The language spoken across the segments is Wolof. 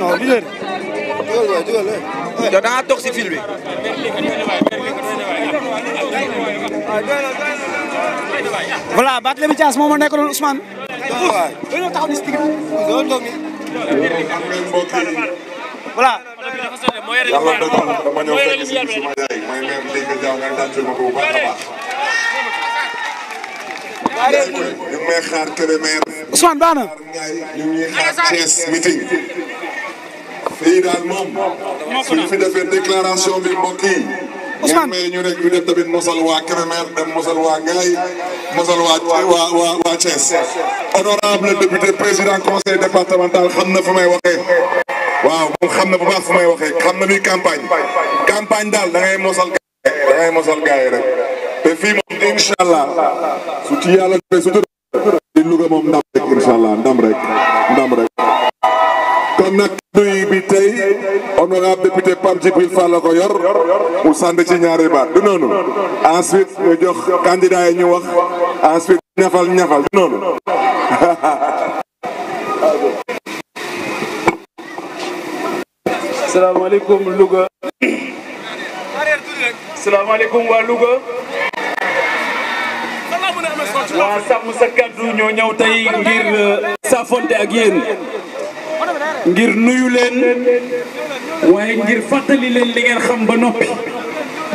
non du leer. yow da ngaa toog si fil bi. voilà Barthélémy Dias moom moo nekkaloon Ousmane. waaw taxaw ni si digg voilà. yàlla dëgg la dama ñëw fekk si si ma yaay mooy maire Ndeye Diaw nga tàccul ma ko bu baax a baax. ñu ngi may xaar Kébémer. Ousmane baax na. ñu ngi xaar Thiès meeting. lii daal moom suñu fi defee déclaration bi mbokk yi. Ousmane ñu nekk ñu def tamit mosal waa Kébémer dem mosal waa Ngaye mosal waa waa honorable député président conseil départemental xam na fu may waxee. waaw moom xam na bu baax fu may waxee xam na luy campagne. campagne daal dangay ngay mosal gaay da ngay mosal gaay rek. te fii moom incha allah su ci yàlla su di Louga moom ndam rek incha allah ndam rek ndam rek. honorable député Pape Djibril Fall la ko yor mu sant ci ñaari baat du noonu ensuite ñu jox candidat wax ensuite ñafal ñafal du noonu salaamaaleykum Louga salaamaaleykum waa Louga waa sàmm ñoo ñëw ngir euh, saafonte ak yéen ngir nuyu leen waaye ngir fàttali leen li ngeen ba noppi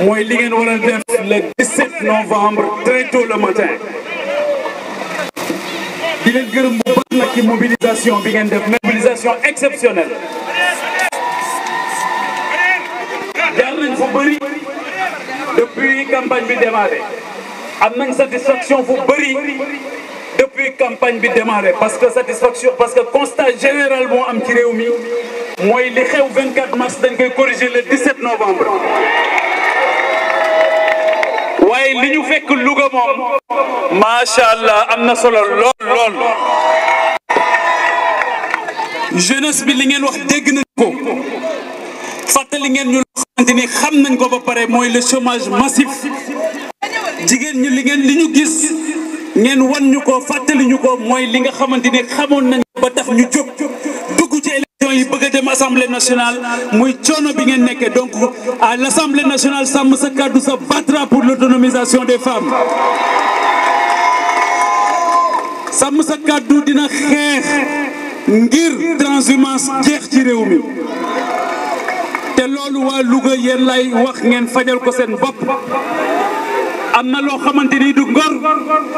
mooy li ngeen war a def le 17 novembre très tôt le matin. di leen gërëm bu baax nag mobilisation bi ngeen def mobilisation exceptionnelle. jaar nañ fu bëri depuis campagne bi démarré am nañ satisfaction fu bëri. depuis campagne bi démarré parce que satisfaction parce que constat général moo am ci réew mooy li xew 24 mars dañ koy corriger le 17 novembre waaye li ñu fekk Louga moom macha allah am na solo lool lool jeunesse bi li ngeen wax dégg nañ ko fàttali ngeen ñu loo xamante xam nañ ko ba pare mooy le chômage massif jigéen ñi li ngeen li ñu gis ngeen wan ñu ko fàttali ñu ko mooy li nga xamante ne xamoon nañ ba tax ñu jóg dugg ci élection yi bëgg a dem assemblée nationale muy coono bi ngeen nekkee donc à l' assemblée nationale sàmm sa kàddu sa battra pour l' autonomisation des femmes sàmm sa kàddu dina xeex ngir transhumance jeex ci réew mi te loolu waa Louga yéen lay wax ngeen fajal ko seen bopp am na loo xamante nii du ngor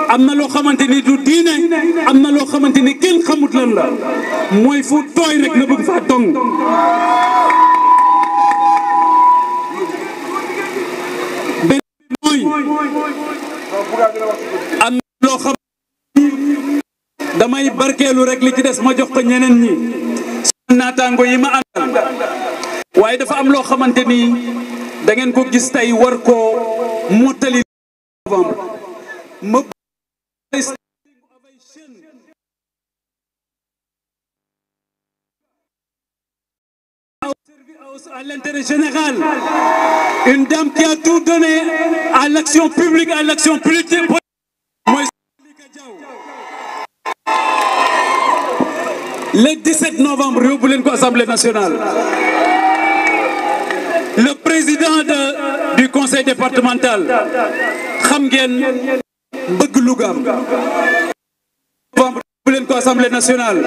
am na loo xamante ni du diine am na loo xamante ni kenn xamut lan la mooy fu tooy rek am na loo xam damay barkeelu rek li ci des ma jox ko ñeneen ñi naataango yi ma àndal waaye dafa am loo xamante ni da ko gis tey war ko mottali novembre ma à l'intérêt général. Une dame qui a tout donné à l'action publique, à l'action politique. Le 17 novembre, yóbbu Assemblée nationale. Le président de du conseil départemental xam ngeen bëgg Lougaam nationale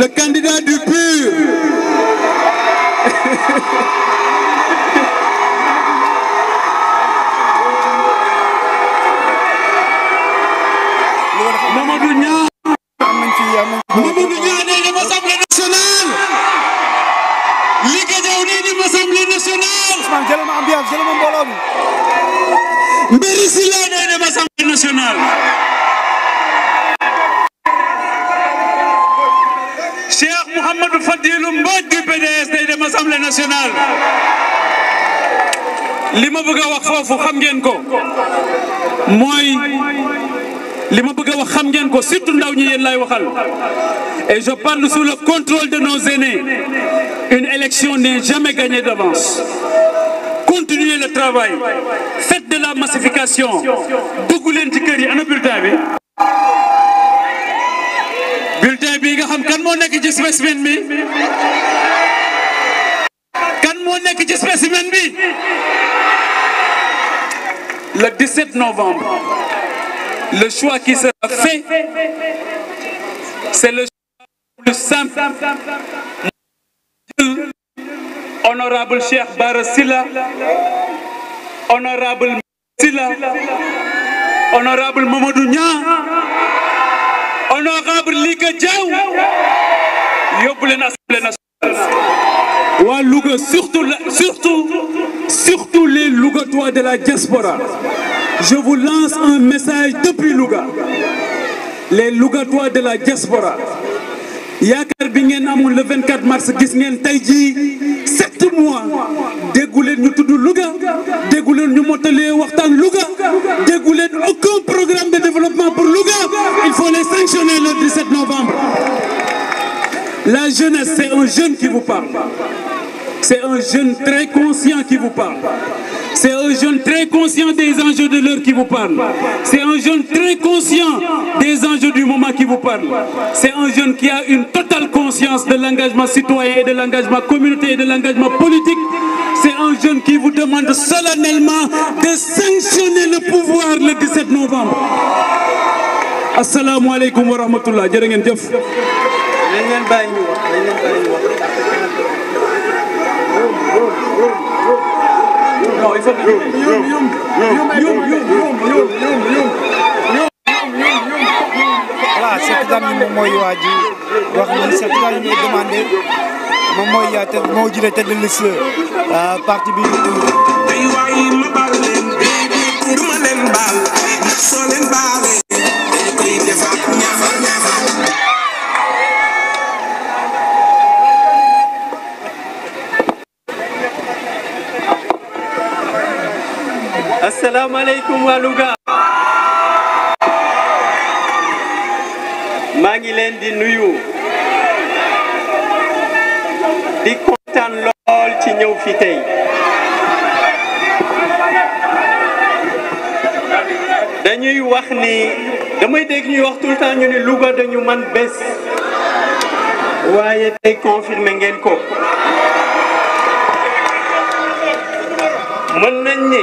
le candidat du PUR Cheikh Mouhamadou Fadilou Mbodj du PDS day dem assemblée li ma bëgg a wax foofu xam ngeen ko mooy li ma bëgg a wax xam ngeen ko surtout ndaw ñi yéen lay waxal et je parle sous le contrôle de nos aînés une élection n'est jamais gagnée d'avance continuez le travail faites de la massification dugg leen ci kër yi ana bulletin bi nekk ci spécimen bi kan moo nekk ci spécimen bi le 17 novembre le choix qui sera fait c'est le choix le plus simple honorable Cheikh Bara honorable Sylla honorable Mamadou Niang yóbbu leen assemblée nationale waa Louga surtout surtout surtout les Lougatois de la diaspora je vous lance un message depuis Louga les Lougatois de la diaspora yaakaar bi ngeen amoon le vingt 24 mars gis ngeen tey jii sept mois déggu leen ñu tudd Louga dégu leen ñu mottalee waxtaan Louga dégu leen aucun programme de développement pour Louga il faut les sanctionner le 17 novembre La jeunesse, c'est jeune qui vous parle. C'est jeune très conscient qui vous parle. jeune très conscient des enjeux de l'heure qui vous parle. C'est un jeune très conscient des enjeux du moment qui un jeune qui a une totale conscience de l'engagement citoyen et de l'engagement communautaire et de l'engagement politique. C'est un jeune qui vous demande solennellement de sanctionner le pouvoir le 17 novembre. Assalamu alaikum wa dañ leen bàyyi ñu wax dañ leen bàyyi ñu wax. non il faut que. yomb yomb yomb yomb yomb voilà Cheikh Tidiane moom mooy waa ji wax ni Cheikh Tidiane ñooy demandé moom mooy te moo jëlee tête de liste euh, parti bi. day waay ma baal leen. ma leen baal. soo leen baal. asalaamaaleykum waa Louga maa ngi leen di nuyu di kontaan lool ci ñëw fi tey dañuy wax ni damay dégg ñuy wax tout ñu ni Louga dañu man bés waaye tey confirmé ngeen ko mën nañ ne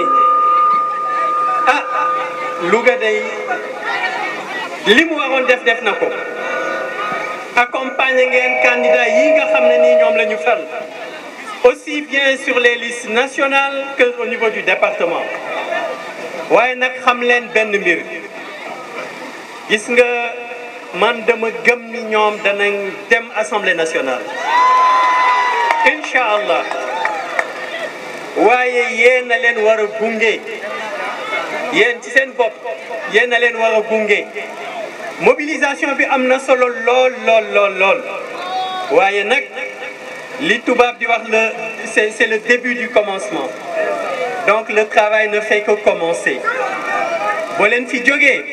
Louga day li mu waroon def def na ko accompagner ngeen candidat yi nga xam ne nii ñoom lañu ñu fal aussi bien sur les listes nationales que au niveau du département waaye nag xam leen benn mbir gis nga man dama gëm ni ñoom danañ dem assemblée nationale incha allah waaye yéen leen war a yéen ci seen bopp yéen a leen war a mobilisation bi am na solo lool lool lool lool waaye nag li tubaab di wax le c'est c'est le début du commencement donc le travail ne fait que commencer boo fi jógee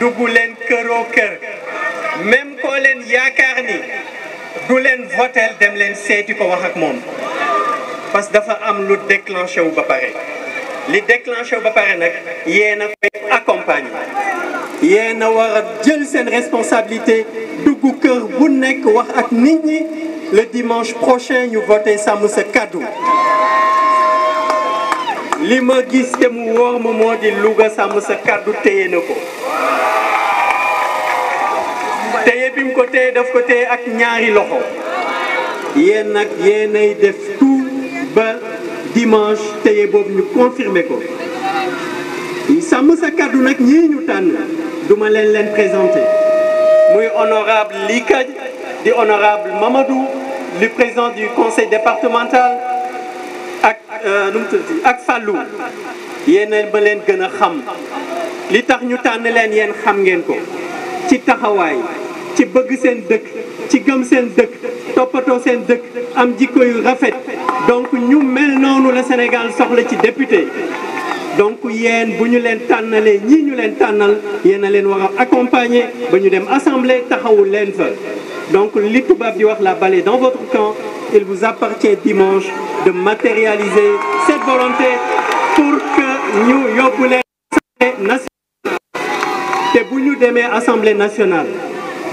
dugg leen këroo kër même koo yaakaar ni du leen votel dem leen seeti ko wax ak moom parce que dafa am lu déclenché wu ba pare li déclenché ba pare nag yéen a koy accompagner yéen a war jël seen responsabilité dugg kër bu nekk wax ak nit ñi le dimanche prochain ñu voté sàmm sa kàddu li ma gis te mu wóor moo di Louga sàmm sa kàddu téye na ko te bi mu ko téye daf ko téye ak ñaari loxo yéen nag yéenay def tout ba dimanche teye boobu ñu confirmer ko sàmm sa kàddu nag ñii ñu tànn duma leen leen présenté muy honorable Likaj di honorable Mamadou le président du conseil départemental ak euh, nu mu ak Fallou yéen ba leen gën a xam li tax ñu tànn leen yéen xam ngeen ko ci taxawaay ci bëgg seen dëkk ci gëm seen dëkk toppatoo seen dëkk am jikko yu rafet donc ñu mel noonu la Sénégal soxla ci député donc yéen bu ñu leen tànnalee ñii ñu leen tànnal yéen leen war a accompagner ba ñu dem assemblée taxawu leen fa donc li tubaab di wax la balle dans votre camp il vous appartient dimanche de matérialiser cette volonté pour que ñu yóbbu leen te bu ñu demee assemblée nationale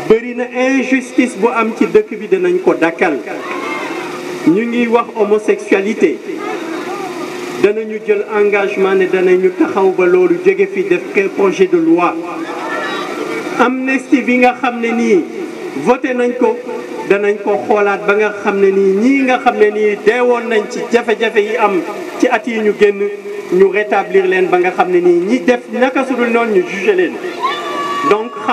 bari na injustice bu am ci dëkk bi dinañ ko dakkal ñu ngi wax homosexualité danañu jël engagement ne danañu taxaw ba loolu jóge fi def kay projet de loi amnistie bi nga xam ne nii voté nañ ko danañ ko xoolaat ba nga xam ne nii ñii nga xam ne nii deewoon nañ ci jafe-jafe yi am ci at yi ñu génn ñu rétablir leen ba nga xam ne nii ñi def naka su dul noonu ñu jugé leen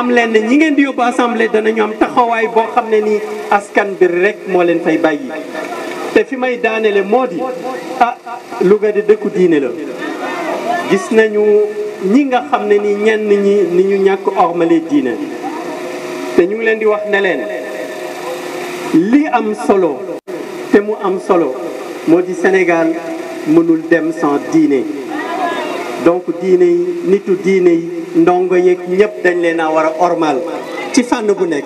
am leen ne ñi ngeen di yóbbu assemblée danañu am taxawaay boo xam ne nii askan bi rek moo leen fay bàyyi. te fi may daanele moo di ah Louga de dëkku diine la gis nañu ñi nga xam ne nii ñenn ñi ni ñu ñàkk ormale diine te ñu ngi leen di wax ne leen li am solo te mu am solo moo di Sénégal mënul dem sans diine. donc diine yi nitu diine yi ndongo yeeg ñëpp dañ leen a war a ormal ci fànn bu nekk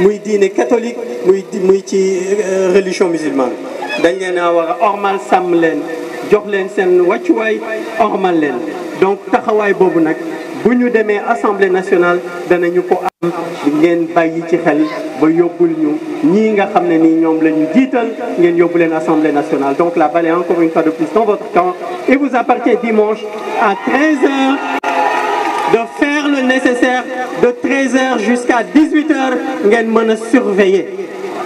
muy diine catholique muy muy ci euh, religion musulmane dañ leen a war a ormal sàmm leen jox leen seen wàccuwaay ormal leen donc taxawaay boobu nag bu ñu demee assemblée nationale danañu ko am ngeen bàyyi ci xel ba yóbbul ñu ñii nga xam ne nii ñoom la ñu jiital ngeen yóbbu leen assemblée nationale donc la balle est encore une fois de plus dans votre camp et vous appartient dimanche à 13h de faire le nécessaire de 13h jusqu'à 18h ngeen mën a surveiller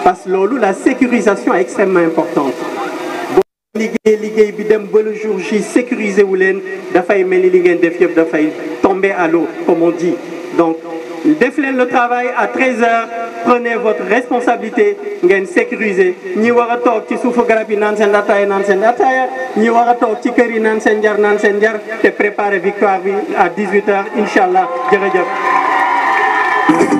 parce que loolu la sécurisation est extrêmement importante liggéey liggéey bi dem ba le jour sécuriser wu leen dafay mel ni li ngeen def yëpp dafay tomber à l'eau comme on dit donc def leen le travail à 13 heures prenez votre responsabilité ngeen sécuriser ñi war a toog ci suufu garab yi naan seen ataaya naan seen ataaya ñi war a toog ci kër yi naan seen njar naan seen njar te préparer victoire bi à 18 heures incha allah jërëjëf